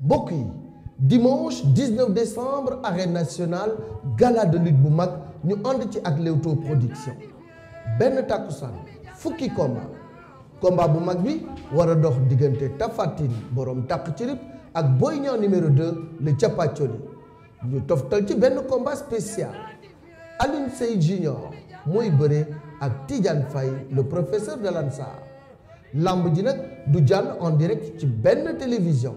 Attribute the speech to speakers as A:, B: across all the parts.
A: bokk yi dimanche 19 décembre arène national gala de lutte bu mag ñu ànd ci ak Leewtoo production benn takkusaan fukki combat combat bu mag bi war dox diggante Tapha Tine borom takk ci ak Boy Niang numéro 2 le capacoli ñu toftal ci benn combat spécial Alioune Seye Junior mooy bëre ak Tidiane fay le professeur de l'Ansar lamb ji nag du jàll en direct ci benn télévision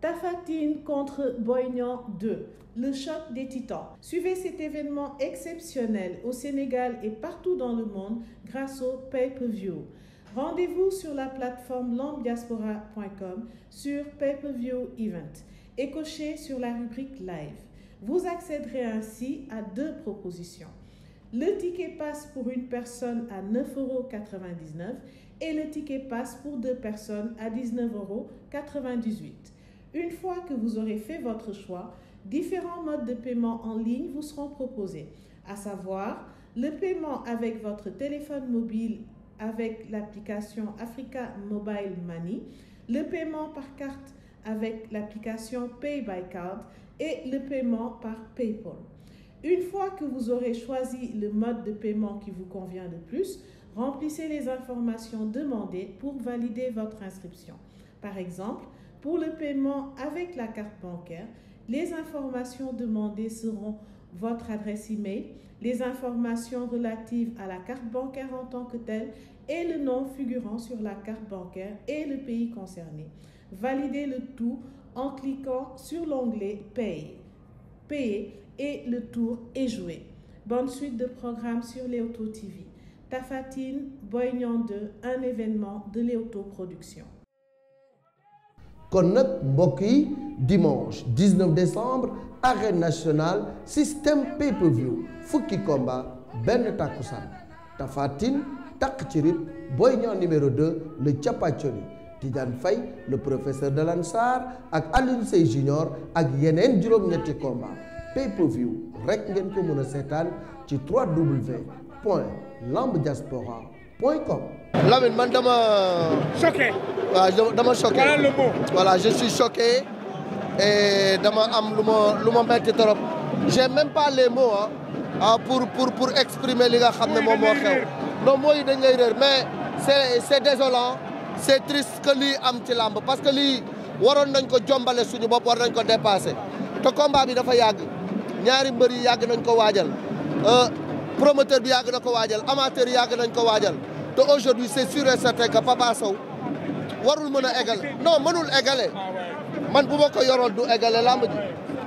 B: Tafatine contre Boignan 2, le choc des titans. Suivez cet événement exceptionnel au Sénégal et partout dans le monde grâce au pay-per-view. Rendez-vous sur la plateforme lambdiaspora.com sur pay-per-view event et cochez sur la rubrique live. Vous accéderez ainsi à deux propositions. Le ticket passe pour une personne à 9,99 euros et le ticket passe pour deux personnes à 19,98 euros. Une fois que vous aurez fait votre choix, différents modes de paiement en ligne vous seront proposés, à savoir le paiement avec votre téléphone mobile avec l'application Africa Mobile Money, le paiement par carte avec l'application Pay by Card et le paiement par PayPal. Une fois que vous aurez choisi le mode de paiement qui vous convient de plus, remplissez les informations demandées pour valider votre inscription. Par exemple, Pour le paiement avec la carte bancaire, les informations demandées seront votre adresse email, les informations relatives à la carte bancaire en tant que telle et le nom figurant sur la carte bancaire et le pays concerné. Validez le tout en cliquant sur l'onglet Payer. Payer et le tour est joué. Bonne suite de programmes sur Léoto TV. Tafatine, Boignan 2, un événement de Léoto Production.
A: kon nag mbokk yi dimanche 19 décembre arène nationale système pay-per-view fukki combat benn takkusaan Tapha Tine takk ci rit Boy Niang numéro 2 le Thiapathioli Tidiane Faye le professeur de Lansar ak Alioune Seye Junior ak yeneen juróom-ñetti combat pay-per-view rek ngeen ko mën a seetaan ci 3W point lambdiaspora point Lamine man dama. choqué. waaw dama choqué. voilà voilà je suis choqué dama am lu ma lu ma metti trop. j'ai même pas les mots ah pour pour pour exprimer li nga xam ne moom moo xew. non mooy dañ lay réer mais c'est c'est désolant c'est triste que lii am ci làmb parce que lii waroon nañ ko jombale suñu bopp war nañ ko dépasser te combat dafa yàgg ñaari mbër yi yàgg nañ ko waajal euh, promoteur bi yàgg na ko waajal amateur yi yàgg nañ ko waajal. te aujourd'hui c'est sûr et certain que Papa Sow warul mën a égale non mënul égale man bu ma ko yoroon du égale làmb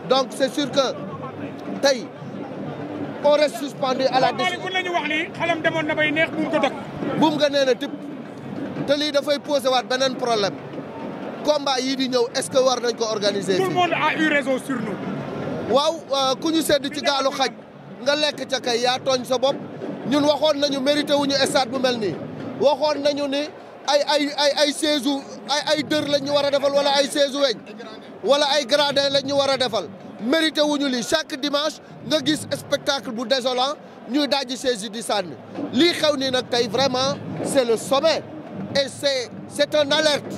A: donc c'est sûr que tey on reste suspendu à la décision waaw wax ni xalam demoon na bay neex buum ko dëkk. buum nga nee na tip te lii dafay posé waat beneen problème combat yii di ñëw est-ce que war nañ ko organiser. tout waaw euh, ku ñu sedd ci gaalu xaj nga lekk ca kay yaa tooñ sa bopp. ñun waxoon nañu mérité wuñu stade bu mel nii waxoon nañu ni ay ay ay ay saison ay dër lañ ñu war a defal wala ay saison weñ wala ay gradin lañ ñu war a defal mérité wuñu lii chaque dimanche nga gis spectacle bu désolant ñuy dajji saisi di sànni lii xew nii nag tey vraiment c'est le sommet et c'est c'est un alerte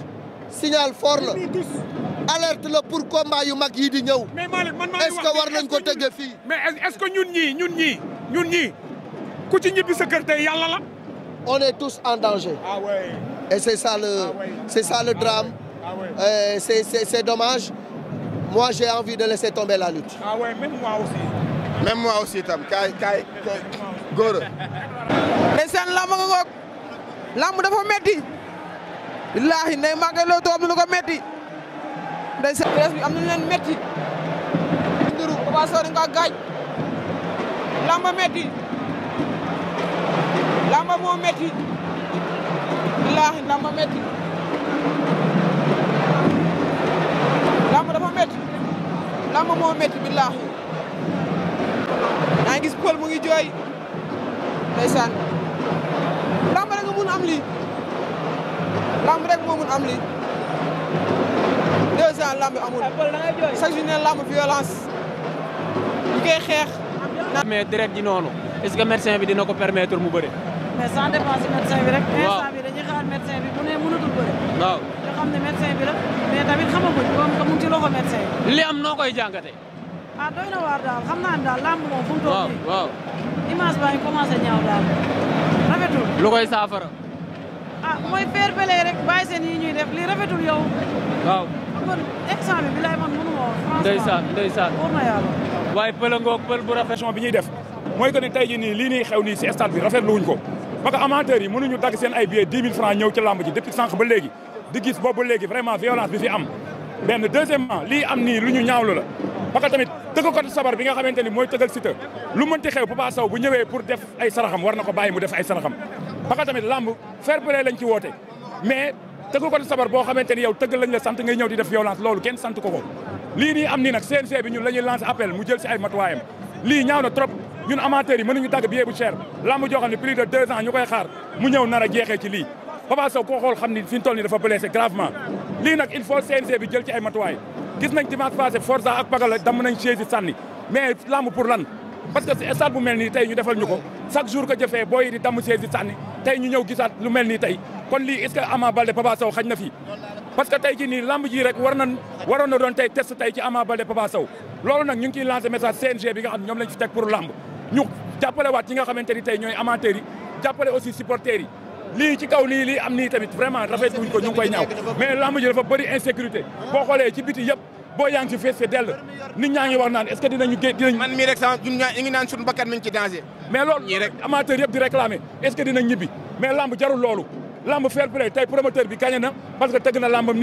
A: signal fort la alerte la pour combat yu mag yi di ñëw est-ce que war nañ ko tëgge fii mais est-ce que ñun ñii ñun ñi ñun ñii ku ci ñibbi sa kër on est tous en danger. Ah et c'est ça le ah ouais. le ah drame. ah ouais. Euh, c'est c'est c'est dommage. moi j'ai envie de laisser tomber la lutte. ah moi aussi. même moi aussi tam kaay kaay góor a. mais seen lamb nga ngoog lamb dafa metti. billaahi ndey maa ngi lay toog lu ko metti. ndey seen presse bi am na leen metti. nduru Papa Sow nga gaaj. lamb metti. làmba moo metti billaahi làmba metti làmba dafa metti làmba moo metti billaahi yaa ngi gis pël mu ngi jooy ndeysaan làmb rek nga mun am lii làmb rek moo mun am lii deux ans làmb amul chaque
C: jour ne làmb violence ñu koy xeex mais direct ji noonu est-ce que médecin bi dina ko permettre mu bëre
B: mais sans dépense si bi rek. waaw instant bi dañuy ne mënatul bëri. waaw nga xam ne médecin bi la mais tamit xamaguñ moom que mu ngi ci bi. li am noo koy jàngatee. ah doy na waar daal xam naa daal làmb moom fu mu toll nii. waaw waaw. image baa ngi commencé ñaaw daal rafetul.
C: lu koy saafara.
B: ah mooy fair play rek bàyyi seen yi ñuy def lii rafetul yow. waaw bi bilaay man mënu ma woon. ndeysaan ndeysaan wóor na yàlla.
C: waaye bu rafet. bi ñuy def mooy que ni tey jii nii lii nii nii si stade bi rafetlu wuñ ko parce que amateurs yi mënuñu dagg seen ay billets 10 000 francs ñëw ci làmb ji depuis sànq ba léegi di gis boobu léegi vraiment violence bi fi am benn deuxièmement lii am nii lu ñu ñaawlu la parce que tamit tëggkatu sabar bi nga xamante mooy tëggal Siteu lu mënti xew Papa Sow bu ñëwee pour def ay saraxam war na ko bàyyi mu def ay saraxam parce que tamit làmb fair play lañ ci woote mais tëggkatu sabar boo xamante ni yow tëgg lañ la sant ngay ñëw di def violence loolu kenn sant ko ko lii nii am nii nag CNG bi ñun jël si ay matuwaayam lii ñaaw na trop ñun amateurs yi mënuñu tàgg billet bu cher lamb joo xam plus de deux ñu koy xaar mu ñëw nar a jeexee ci lii Papa Sow koo xool xam ni fi ñu toll nii dafa blessé gravement lii nag il faut CNG bi jël ci ay matuwaay gis nañ dimanche passé Forza ak Pagala damm nañ chaise yi sànni mais lamb pour lan parce que si stade bu mel nii tey ñu defal ñu ko chaque jour que jëfee booy di damm chaise yi sànni tey ñu ñëw gisaat lu mel nii tey kon lii est ce que Ama Baldé xañ na fii parce que tey jii nii lamb ji rek war nañ waroon na doon tey test tey ci Ama loolu nag ñu ngi ciy lancé message CNG bi nga xam ne ñoom lañ fi teg pour ñu jàppale waat ñi nga xamante tey ñooy amateurs jàppale aussi supporters yi ci kaw lii lii am nii tamit vraiment rafetlu wuñ ko ñu ngi koy ñaaw mais lamb ji dafa bëri insécurité boo xoolee ci biti yëpp boo yaa si fees dell nit ñaa ngi wax naan est ce que dinañu gé dinañ man mii rek naan suñu bakkan mi ngi ci danger loolu ñii yëpp di réclamer est ce que ñibbi mais lamb jarul loolu lamb fair play tey promoteur bi gagné na parce que tëgg na lambam